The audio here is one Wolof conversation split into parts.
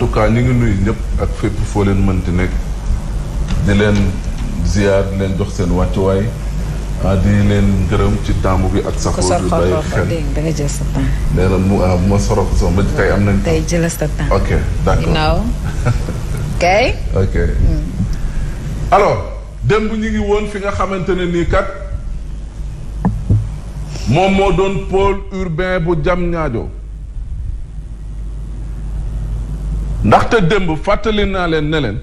tout cas ñu ngi nuy ñëpp ak fépp foo leen mënti nekk di leen ziar leen jox seen wàccuwaay ah di leen gërëm ci taamu bi ak. sax xool bi bàyyi xel sa temps. nee na ah ma soroo ko sax ba tey am nañu. tey jël sa temps ok ok. ok hmm. alors démb ñu ngi woon fi nga xamante ne nii kat moom moo doon pôle urbain bu jam ñaajo ndaxte démb fàttali naa leen ne leen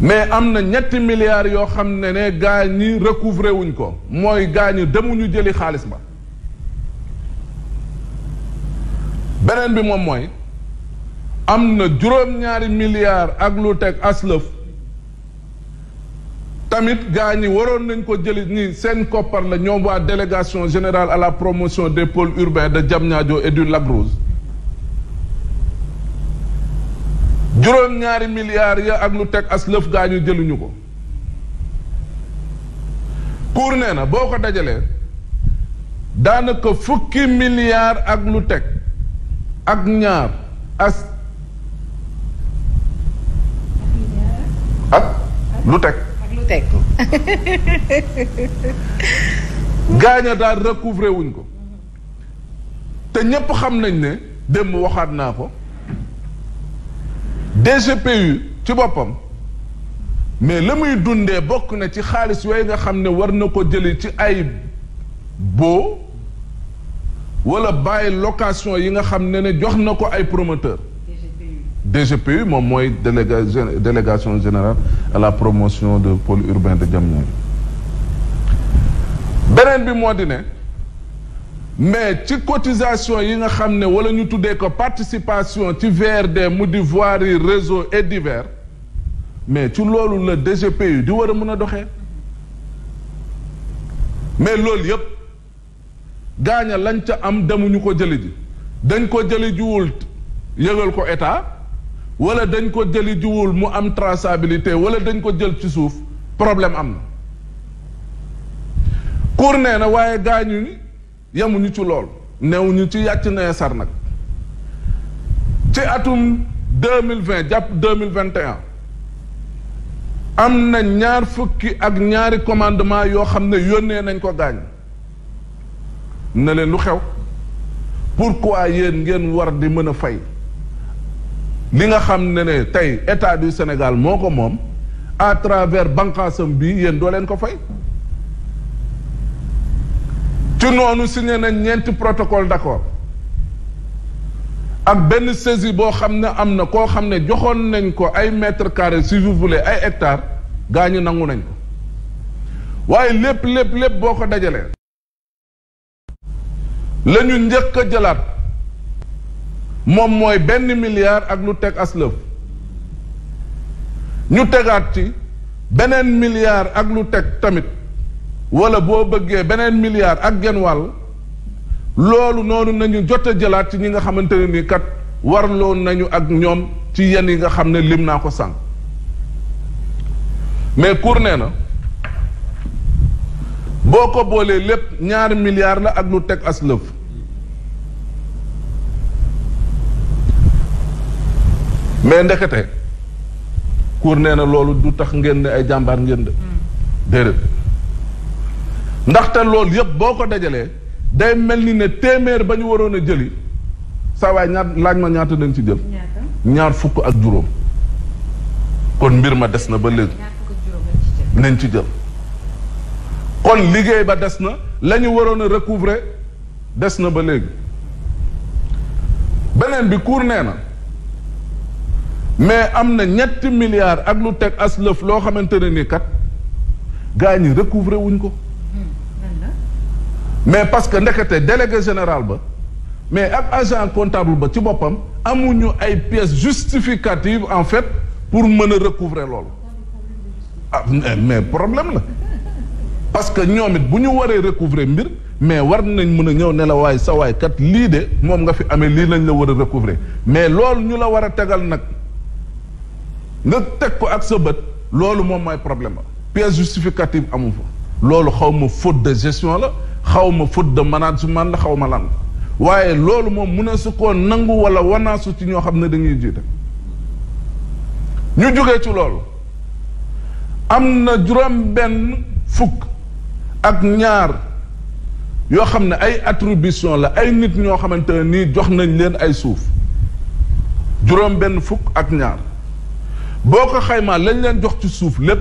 mais am na ñetti milliards yoo xam ne ne gaa ñi recouvrer wuñ ko mooy gaañu ñi demuñu jëli xaalis ba beneen bi moom mooy am na juróom-ñaari milliards ak lu teg aslëf tamit gaa ñi waroon nañ ko jëli ni seen koppar la ñoom waa délégation générale à la promotion des pôles urbains de Diamniadio et du Lac Rose juróom-ñaari milliards ya ak lu teg as lëf gaañu jëluñu ko pour nee na boo ko dajalee daanaka fukki milliards ak lu teg ak ñaar as ak lu teg gaaña daal recouvrer wuñ ko te ñépp xam nañ ne démb waxaat naa ko DGPU ci boppam mais la muy dundee bokk na ci xaalis yooyu nga xam ne war na ko jëli ci ay boo wala bàyyi location yi nga xam ne ne jox na ko ay promoteur DGPU moom mooy déléga délégation générale à la promotion de pole urbain de Diamniadio beneen bi moo di ne mais ci cotisation yi nga xam ne wala ñu tuddee ko participation ci VRD mu di voirie réseau et divers mais ci loolu la dgp DGPU di war a mën a doxee mais loolu yëpp gaaña lañ ca am demuñu ko jëli ji dañ ko jëli jiwul yëgal ko état wala dañ ko jëli jiwul mu am traçabilité wala dañ ko jël ci suuf problème am na. cour nee waaye gaañu. yemuñu ci lool newuñu ci yàcc na sar nag ci atum deux mille vingt jàpp deux mille vingt et am na ñaar fukki ak ñaari commandement yoo xam ne yónnee nañ ko gaañ na leen lu xew pourquoi yéen ngeen war di mën a fay li nga xam ne ne tey état du Sénégal moo ko moom à travers bànqaasam bi yéen doo leen ko fay ci noonu signé nañ ñeenti protocole d'accord ak benn saisie boo xam ne am na koo xam ne joxoon nañ ko ay mètres carrés si vous ay hectares gaañu nangu nañ ko waaye lépp lépp lépp boo ko dajalee la ñu njëkk a jëlaat moom mooy benn milliard ak lu teg aslëf ñu tegaat ci beneen milliard ak lu teg tamit wala boo bëggee beneen milliard ak genn wàll loolu noonu nañu jot jëlaat ci ñi nga xamante ne ni kat war warloo nañu ak ñoom ci yenn yi nga xam ne lim naa ko sànq mais Cour nee na boo ko boolee lépp ñaari milliards la ak lu teg as lëf mais ndekete Cour nee na loolu du tax ngeen ne ay jàmbaar ngeen de mm. déedéet ndaxte loolu yëpp boo ko dajalee day mel ni ne téeméer ba ñu waroon a jëli saa waay laaj ma ñaata dañ ci jël. ñaar fukk ak juróom. kon mbir ma des na ba léegi. nañ ci jël. kon liggéey ba des na lañu waroon a recouvrer des na ba léegi. beneen bi cour nee na mais am na ñetti milliards ak lu teg as lëf loo xamante ne ni kat gaa ñi recouvrer wuñ ko. mais parce que ndekete délégué général ba mais ak agent comptable ba ci boppam amuñu ay pièces justificatives en fait pour mën a recouvrer loolu ah mais problème la parce que ñoom it bu ñu waree recouvrer mbir mais war nañ mën a ñëw ne la waay sa waay kat lii de moom nga fi amee lii nañ la war a recouvrer mais loolu ñu la war a tegal nag nga teg ko ak sa bët loolu moom mooy problème la pièce justificative amu fa loolu xaw ma faute de gestion la xaw ma faute de su man xawma ma lan waaye loolu moom mun a su koo nangu wala wanaasu ci ñoo xam ne dañuy jiite ñu jógee ci loolu am na juróom benn fukk ak ñaar yoo xam ne ay attribution la ay nit ñoo xamante ne nii jox nañ leen ay suuf juróom benn fukk ak ñaar boo ko xaymaa lañ leen jox ci suuf lépp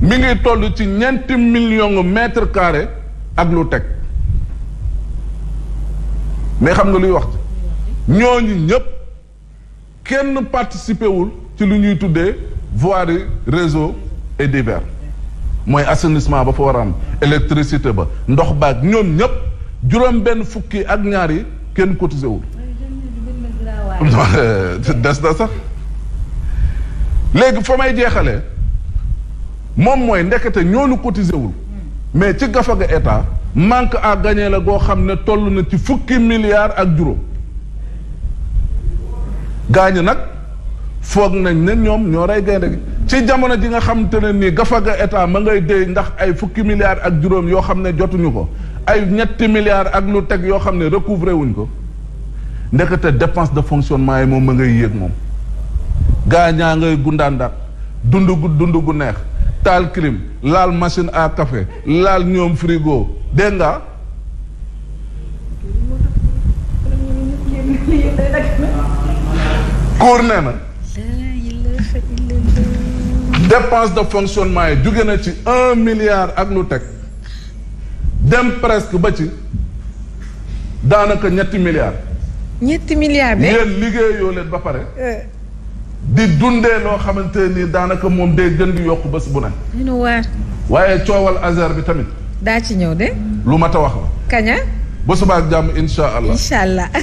mi ngi toll ci ñeenti million mètre carré ak lu teg mais xam nga luy wax ñooñu ñëpp kenn participé wul ci lu ñuy tuddee voirie réseau et divers mooy assainissement ba fa war a am électricité ba ndox baag ñoom ñëpp juróom benn fukki ak ñaar yi kenn cotisé wul des na sax léegi fa may jeexale moom mooy ndekete ñoonu cotisé wul mais ci gafaga état manque à gagner la goo xam ne toll na ci fukki milliards ak juróom gaañu nag foog nañ ne ñoom ñoo rey gaynde gi ci jamono ji nga xam te ne nii gafaga état ma ngay déy ndax ay fukki milliards ak juróom yoo xam ne jotuñu ko ay ñetti milliards ak lu teg yoo xam ne recouvrer wuñ ko ndekete dépense de fonctionnement yi moom ma ngay yéeg moom gaañaa ngay gundaandaat dund gu dund gu neex taal clim laal machine à café laal ñoom frigo dégg nga koor na dépense de fonctionnement yi jóge na ci un milliard ak lu teg dem presque ba ci daanaka ñetti milliards ñetti milliards bi yéen liggéeyoo leen ba pare euh. di dundee loo xamante nii daanaka moom day gën di yokk bés bu ne. waaye coowal azar bi tamit. daa ci ñëw de. lu mat a wax la. kaña. ba suba ak jàmm incha allah incha allah.